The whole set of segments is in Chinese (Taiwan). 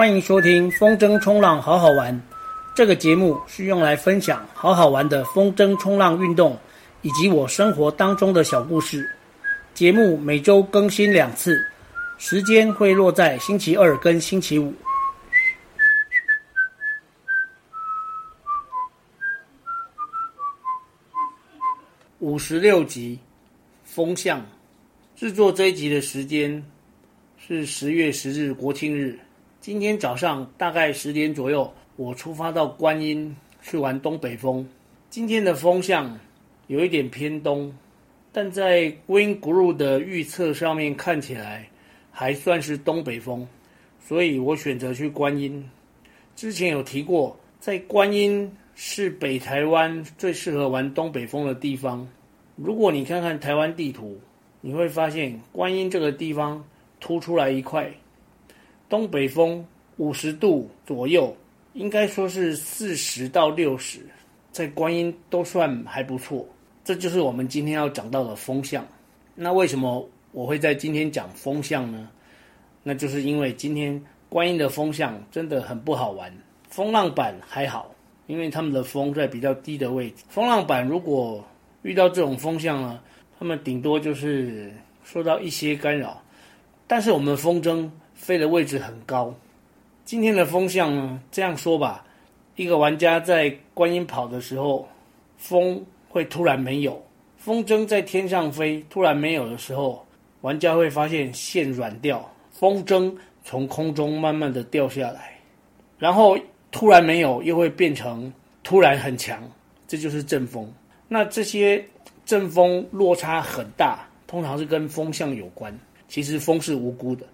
歡迎收聽風箏衝浪好好玩，這個節目是用來分享好好玩的風箏衝浪運動，以及我生活當中的小故事。節目每周更新兩次，時間會落在星期二跟星期五。五十六集，風向。製作這一集的時間是十月十日國慶日。今天早上大概十點左右，我出發到觀音去玩東北風。今天的風向有一點偏東，但在 Wind Guru 的預測上面看起來還算是東北風，所以我選擇去觀音。之前有提過，在觀音是北台灣最適合玩東北風的地方。如果你看看台灣地圖，你會發現觀音這個地方凸出來一塊。東北風五十度左右，應該說是四十到六十，在觀音都算還不錯。這就是我們今天要講到的風向。那為什麼我會在今天講風向呢？那就是因為今天觀音的風向真的很不好玩。風浪板還好，因為他們的風在比較低的位置。風浪板如果遇到這種風向呢，他們頂多就是受到一些干擾。但是我們的風箏。飛的位置很高。今天的風向呢？這樣說吧，一個玩家在觀音跑的時候，風會突然沒有。風箏在天上飛，突然沒有的時候，玩家會發現線軟掉，風箏從空中慢慢的掉下來，然後突然沒有，又會變成突然很強，這就是陣風。那這些陣風落差很大，通常是跟風向有關。其實風是無辜的。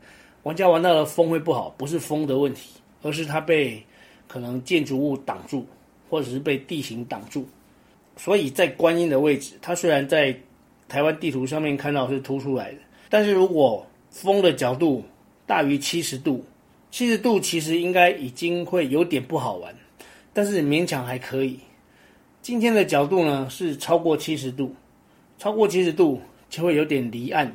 玩家玩到了風會不好，不是風的問題，而是它被可能建築物擋住，或者是被地形擋住。所以在觀音的位置，它雖然在台灣地圖上面看到是凸出來的，但是如果風的角度大於七十度，七十度其實應該已經會有點不好玩，但是勉強還可以。今天的角度呢，是超過七十度，超過七十度就會有點離岸。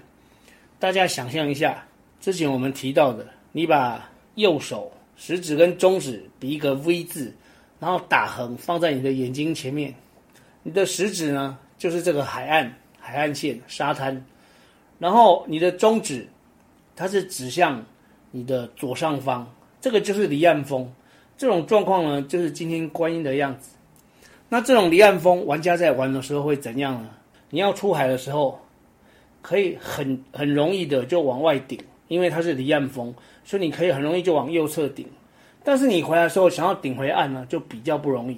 大家想象一下。之前我們提到的，你把右手食指跟中指比一個 V 字，然後打橫放在你的眼睛前面，你的食指呢就是這個海岸、海岸線、沙灘，然後你的中指，它是指向你的左上方，這個就是離岸風。這種狀況呢，就是今天觀音的樣子。那這種離岸風，玩家在玩的時候會怎樣呢？你要出海的時候，可以很很容易的就往外頂。因為它是離岸風，所以你可以很容易就往右側頂。但是你回來的時候想要頂回岸呢，就比較不容易。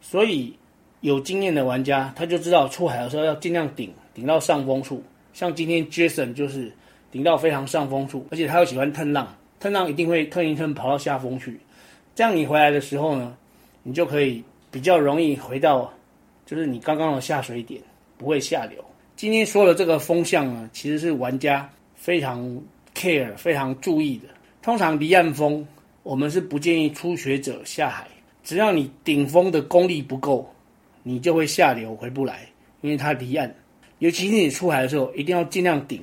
所以有經驗的玩家他就知道出海的時候要盡量頂頂到上風處，像今天 Jason 就是頂到非常上風處，而且他又喜歡探浪，探浪一定會蹭一蹭跑到下風去。這樣你回來的時候呢，你就可以比較容易回到，就是你剛剛的下水點，不會下流。今天說的這個風向呢，其實是玩家非常 care 非常注意的，通常離岸風我們是不建議初學者下海。只要你頂風的功力不夠，你就會下流回不來，因為它離岸。尤其是你出海的時候，一定要盡量頂，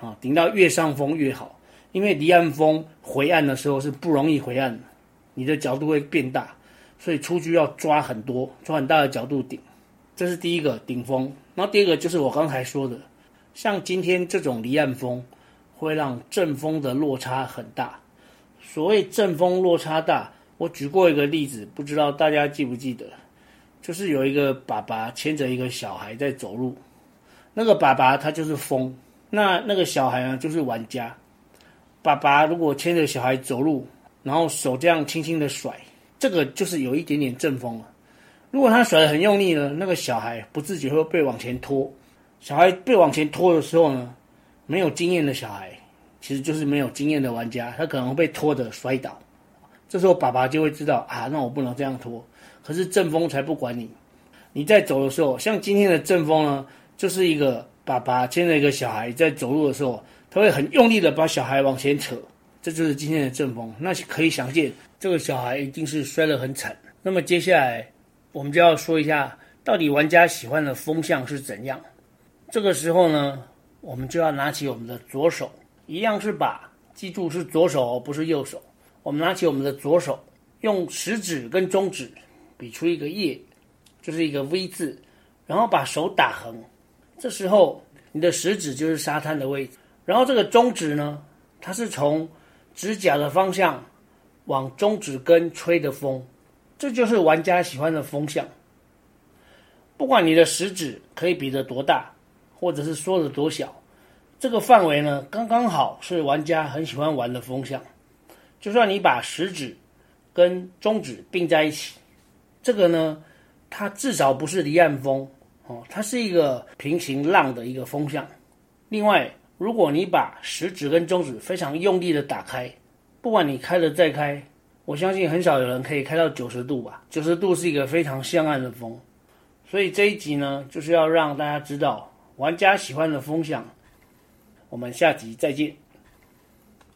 啊，頂到越上風越好。因為離岸風回岸的時候是不容易回岸的，你的角度會變大，所以出去要抓很多，抓很大的角度頂。這是第一個頂風。然後第二個就是我剛才說的，像今天這種離岸風。會讓陣風的落差很大。所謂陣風落差大，我舉過一個例子，不知道大家記不記得，就是有一個爸爸牽着一個小孩在走路，那個爸爸他就是風，那那個小孩呢就是玩家。爸爸如果牽着小孩走路，然後手這樣輕輕的甩，這個就是有一點點陣風了。如果他甩得很用力呢，那個小孩不自覺會被往前拖，小孩被往前拖的時候呢。沒有經驗的小孩，其實就是沒有經驗的玩家，他可能會被拖着摔倒，這時候爸爸就會知道啊，那我不能這樣拖。可是陣風才不管你，你在走的時候，像今天的陣風呢，就是一個爸爸牽着一個小孩在走路的時候，他會很用力的把小孩往前扯，這就是今天的陣風。那可以想見，這個小孩一定是摔得很慘。那麼接下來，我們就要說一下，到底玩家喜歡的風向是怎樣。這個時候呢，我們就要拿起我們的左手，一樣是把，記住是左手哦，不是右手。我們拿起我們的左手，用食指跟中指比出一個葉，就是一個 V 字，然後把手打橫。這時候你的食指就是沙灘的位置，然後這個中指呢，它是從指甲的方向往中指根吹的風，這就是玩家喜歡的風向。不管你的食指可以比得多大，或者是縮的多小，這個範圍呢，剛剛好是玩家很喜歡玩的風向。就算你把食指跟中指並在一起，這個呢，它至少不是離岸風哦，它是一個平行浪的一個風向。另外，如果你把食指跟中指非常用力的打開，不管你開了再開，我相信很少有人可以開到九十度吧？九十度是一個非常向岸的風。所以這一集呢，就是要讓大家知道。玩家喜歡的風向，我們下集再見。